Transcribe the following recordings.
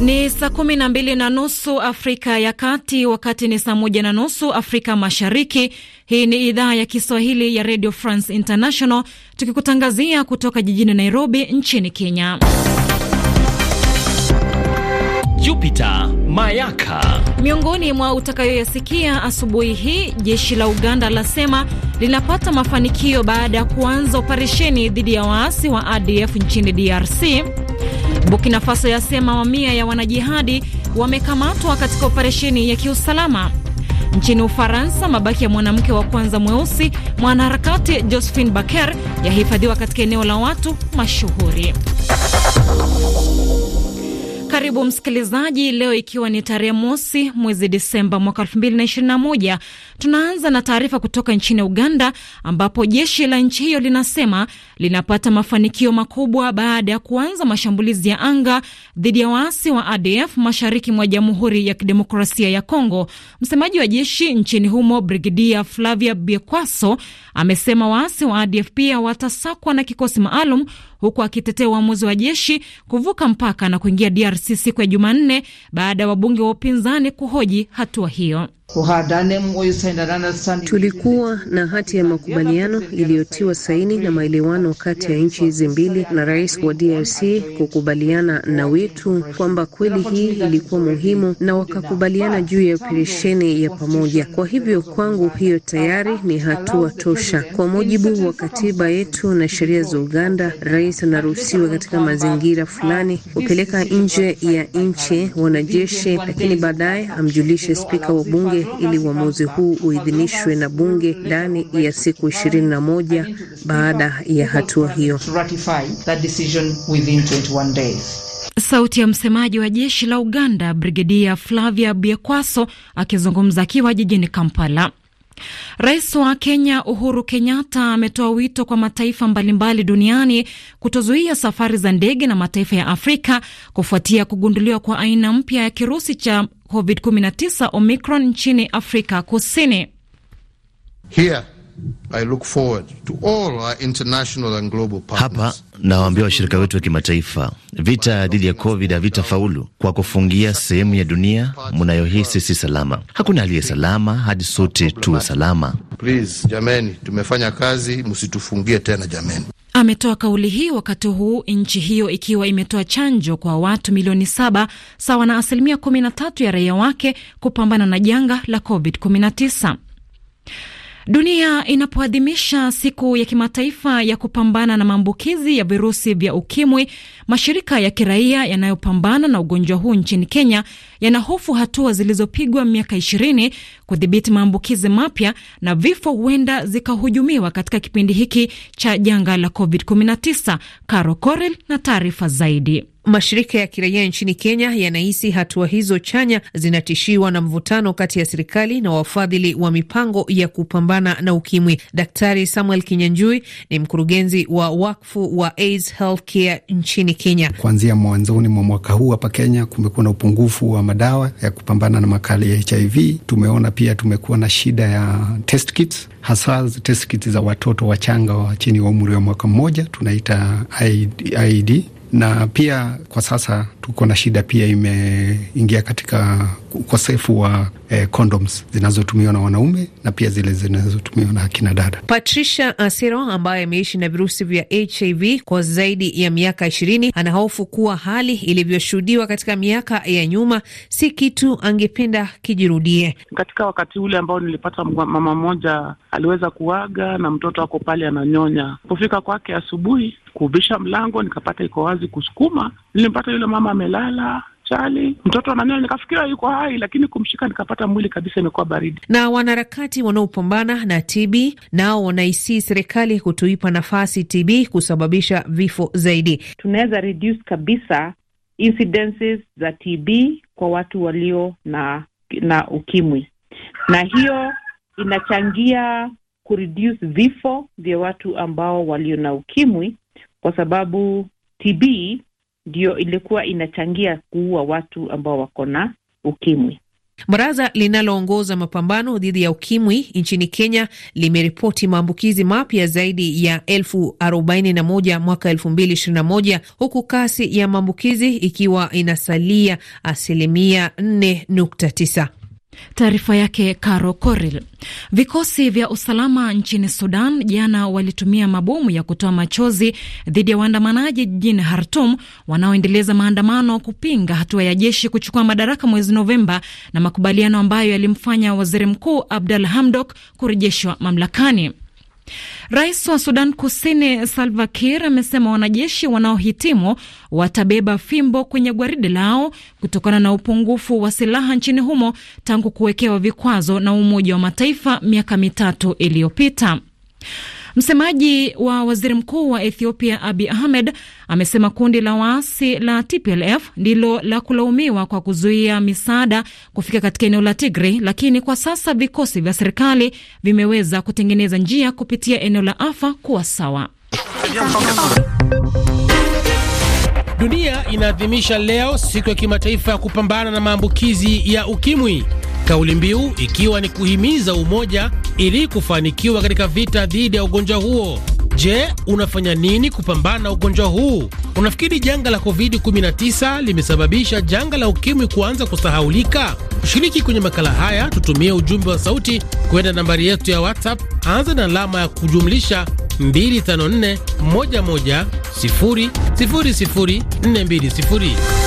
Ni saa kumi na mbili na nusu Afrika ya Kati, wakati ni saa moja na nusu Afrika Mashariki. Hii ni idhaa ya Kiswahili ya Radio France International, tukikutangazia kutoka jijini Nairobi nchini Kenya. Jupiter Mayaka. Miongoni mwa utakayoyasikia asubuhi hii, jeshi la Uganda lasema linapata mafanikio baada ya kuanza operesheni dhidi ya waasi wa ADF nchini DRC. Burkina Faso yasema mamia ya wanajihadi wamekamatwa katika operesheni ya kiusalama. Nchini Ufaransa, mabaki ya mwanamke wa kwanza mweusi mwanaharakati Josephine Baker yahifadhiwa katika eneo la watu mashuhuri. Karibu msikilizaji, leo ikiwa ni tarehe mosi mwezi Disemba mwaka 2021, Tunaanza na taarifa kutoka nchini Uganda ambapo jeshi la nchi hiyo linasema linapata mafanikio makubwa baada ya kuanza mashambulizi ya anga dhidi ya waasi wa ADF mashariki mwa Jamhuri ya Kidemokrasia ya Kongo. Msemaji wa jeshi nchini humo brigidia Flavia Biekwaso amesema waasi wa ADF pia watasakwa na kikosi maalum huku akitetea uamuzi wa jeshi kuvuka mpaka na kuingia DRC siku ya Jumanne baada ya wabunge wa upinzani kuhoji hatua hiyo. Tulikuwa na hati ya makubaliano iliyotiwa saini na maelewano kati ya nchi hizi mbili na rais wa DRC kukubaliana na wetu kwamba kweli hii ilikuwa muhimu na wakakubaliana juu ya operesheni ya pamoja. Kwa hivyo kwangu hiyo tayari ni hatua tosha. Kwa mujibu wa katiba yetu na sheria za Uganda, rais anaruhusiwa katika mazingira fulani kupeleka nje ya nchi wanajeshi, lakini baadaye amjulishe spika wa bunge bunge ili uamuzi huu uidhinishwe na bunge ndani ya siku ishirini na moja baada ya hatua hiyo. Sauti ya msemaji wa jeshi la Uganda, Brigedia Flavia biekwaso akizungumza akiwa jijini Kampala. Rais wa Kenya Uhuru Kenyatta ametoa wito kwa mataifa mbalimbali duniani kutozuia safari za ndege na mataifa ya Afrika kufuatia kugunduliwa kwa aina mpya ya kirusi cha COVID-19 Omicron nchini Afrika Kusini. Here. I look forward to all our international and global partners. Hapa nawaambia washirika wetu wa kimataifa, vita dhidi ya COVID havitafaulu kwa kufungia sehemu ya dunia mnayohisi si salama. Hakuna aliye salama hadi sote tuwe salama. Please, jameni, tumefanya kazi, msitufungie tena jameni. Ametoa kauli hii wakati huu nchi hiyo ikiwa imetoa chanjo kwa watu milioni saba sawa na asilimia 13 ya raia wake kupambana na janga la COVID-19. Dunia inapoadhimisha siku ya kimataifa ya kupambana na maambukizi ya virusi vya ukimwi, mashirika ya kiraia yanayopambana na ugonjwa huu nchini Kenya yanahofu hatua zilizopigwa miaka ishirini kudhibiti maambukizi mapya na vifo huenda zikahujumiwa katika kipindi hiki cha janga la COVID-19. Caro Corel na taarifa zaidi. Mashirika ya kiraia nchini Kenya yanahisi hatua hizo chanya zinatishiwa na mvutano kati ya serikali na wafadhili wa mipango ya kupambana na ukimwi. Daktari Samuel Kinyanjui ni mkurugenzi wa wakfu wa AIDS Healthcare nchini Kenya. Kuanzia mwanzoni mwa mwaka huu hapa Kenya kumekuwa na upungufu wa madawa ya kupambana na makali ya HIV. Tumeona pia tumekuwa na shida ya test kits, hasa test kits za watoto wachanga wa chini wa umri wa mwaka mmoja, tunaita na pia kwa sasa tuko na shida pia imeingia katika ukosefu wa eh, condoms zinazotumiwa na wanaume na pia zile zinazotumiwa na akina dada. Patricia Asiro ambaye ameishi na virusi vya HIV kwa zaidi ya miaka ishirini anahofu kuwa hali ilivyoshuhudiwa katika miaka ya nyuma si kitu angependa kijirudie. Katika wakati ule ambao nilipata mama mmoja aliweza kuaga na mtoto ako pale ananyonya, kufika kwake asubuhi kubisha mlango nikapata iko wazi, kusukuma, nilimpata yule mama amelala hospitali, mtoto ananyonya, nikafikiria yuko hai, lakini kumshika nikapata mwili kabisa imekuwa baridi. Na wanaharakati wanaopambana na TB nao wanaisii serikali kutuipa nafasi TB kusababisha vifo zaidi. Tunaweza reduce kabisa incidences za TB kwa watu walio na na ukimwi, na hiyo inachangia kureduce vifo vya watu ambao walio na ukimwi, kwa sababu TB ndio ilikuwa inachangia kuua watu ambao wako na ukimwi. Baraza linaloongoza mapambano dhidi ya ukimwi nchini Kenya limeripoti maambukizi mapya zaidi ya elfu arobaini na moja mwaka elfu mbili ishirini na moja huku kasi ya maambukizi ikiwa inasalia asilimia nne nukta tisa. Taarifa yake Caro Coril. Vikosi vya usalama nchini Sudan jana walitumia mabomu ya kutoa machozi dhidi ya waandamanaji jijini hartum wanaoendeleza maandamano kupinga hatua ya jeshi kuchukua madaraka mwezi Novemba na makubaliano ambayo yalimfanya waziri mkuu Abdal Hamdok kurejeshwa mamlakani. Rais wa Sudan Kusini Salva Kiir amesema wanajeshi wanaohitimu watabeba fimbo kwenye gwaride lao kutokana na upungufu wa silaha nchini humo tangu kuwekewa vikwazo na Umoja wa Mataifa miaka mitatu iliyopita. Msemaji wa waziri mkuu wa Ethiopia Abi Ahmed amesema kundi la waasi la TPLF ndilo la kulaumiwa kwa kuzuia misaada kufika katika eneo la Tigray, lakini kwa sasa vikosi vya serikali vimeweza kutengeneza njia kupitia eneo la afa kuwa sawa. Dunia inaadhimisha leo siku ya kimataifa ya kupambana na maambukizi ya ukimwi kauli mbiu ikiwa ni kuhimiza umoja ili kufanikiwa katika vita dhidi ya ugonjwa huo. Je, unafanya nini kupambana ugonjwa huu? Unafikiri janga la COVID-19 limesababisha janga la ukimwi kuanza kusahaulika? ushiriki kwenye makala haya, tutumie ujumbe wa sauti kwenda nambari yetu ya WhatsApp, anza na alama ya kujumlisha 25411000420.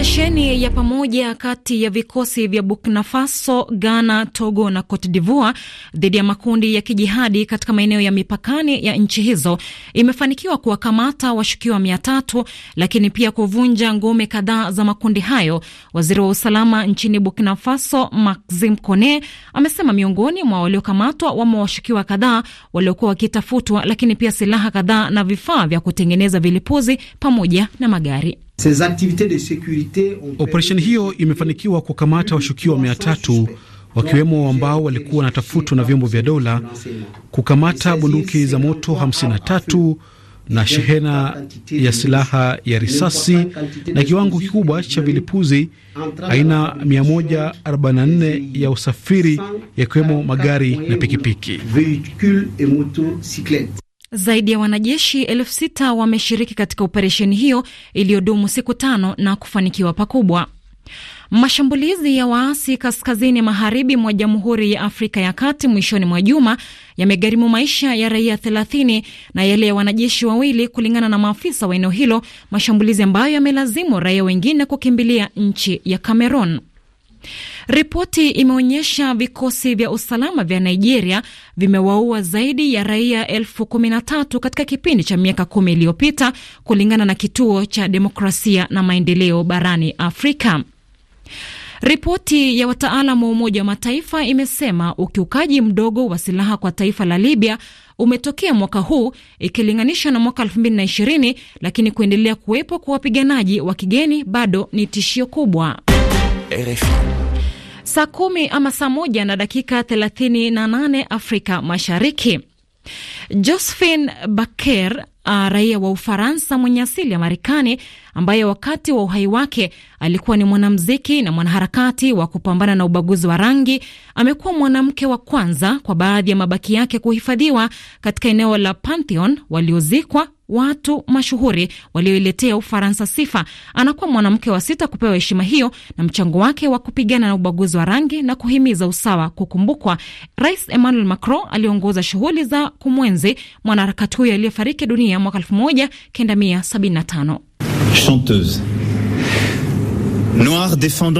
Operesheni ya pamoja kati ya vikosi vya Burkina Faso, Ghana, Togo na Cote d'Ivoire dhidi ya makundi ya kijihadi katika maeneo ya mipakani ya nchi hizo imefanikiwa kuwakamata washukiwa mia tatu, lakini pia kuvunja ngome kadhaa za makundi hayo. Waziri wa usalama nchini Burkina Faso Maxim Kone amesema miongoni mwa waliokamatwa wamo washukiwa kadhaa waliokuwa wakitafutwa, lakini pia silaha kadhaa na vifaa vya kutengeneza vilipuzi pamoja na magari. Operesheni hiyo imefanikiwa kukamata washukiwa mia tatu wakiwemo ambao walikuwa wanatafutwa na vyombo vya dola, kukamata bunduki za moto 53 na shehena ya silaha ya risasi na kiwango kikubwa cha vilipuzi aina 144 ya usafiri yakiwemo magari na pikipiki. Zaidi ya wanajeshi elfu sita wameshiriki katika operesheni hiyo iliyodumu siku tano na kufanikiwa pakubwa. Mashambulizi ya waasi kaskazini magharibi mwa Jamhuri ya Afrika ya Kati mwishoni mwa juma yamegharimu maisha ya raia 30 na yale ya wanajeshi wawili, kulingana na maafisa wa eneo hilo, mashambulizi ambayo yamelazimu raia wengine kukimbilia nchi ya Cameroon. Ripoti imeonyesha vikosi vya usalama vya Nigeria vimewaua zaidi ya raia elfu kumi na tatu katika kipindi cha miaka kumi iliyopita kulingana na kituo cha demokrasia na maendeleo barani Afrika. Ripoti ya wataalam wa Umoja wa Mataifa imesema ukiukaji mdogo wa silaha kwa taifa la Libya umetokea mwaka huu ikilinganishwa na mwaka 2020 lakini kuendelea kuwepo kwa wapiganaji wa kigeni bado ni tishio kubwa. RFI. Saa kumi ama saa moja na dakika 38 Afrika Mashariki. Josephine Baker Uh, raia wa Ufaransa mwenye asili ya Marekani ambaye wakati wa uhai wake alikuwa ni mwanamuziki na mwanaharakati wa kupambana na ubaguzi wa rangi, amekuwa mwanamke wa kwanza kwa baadhi ya mabaki yake kuhifadhiwa katika eneo la Pantheon waliozikwa watu mashuhuri walioiletea Ufaransa sifa. Anakuwa mwanamke wa sita kupewa heshima hiyo, na mchango wake wa kupigana na ubaguzi wa rangi na kuhimiza usawa kukumbukwa. Rais Emmanuel Macron aliongoza shughuli za kumwenzi mwanaharakati huyo aliyefariki dunia mwaka 1975. Noir,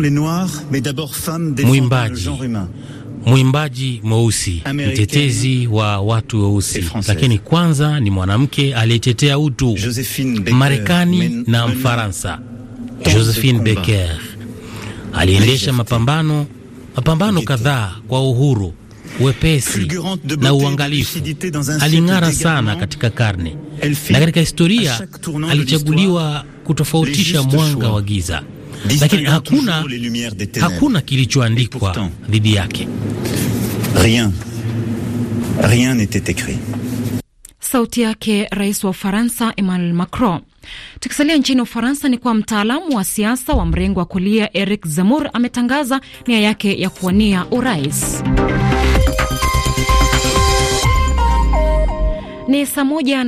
les noirs, mais d'abord femme, le genre humain mwimbaji mweusi, mtetezi wa watu weusi, lakini kwanza ni mwanamke aliyetetea utu Marekani na Mfaransa. Josephine Becker aliendesha mapambano mapambano kadhaa kwa uhuru, wepesi na uangalifu. Aling'ara sana katika karne na katika historia, alichaguliwa kutofautisha mwanga wa giza lakini hakuna, hakuna kilichoandikwa dhidi yake. Rien, rien n'était écrit. Sauti yake rais wa Ufaransa Emmanuel Macron. Tukisalia nchini Ufaransa ni kwa mtaalamu wa siasa wa mrengo wa kulia Eric Zemmour ametangaza nia yake ya kuwania urais. Ni saa moja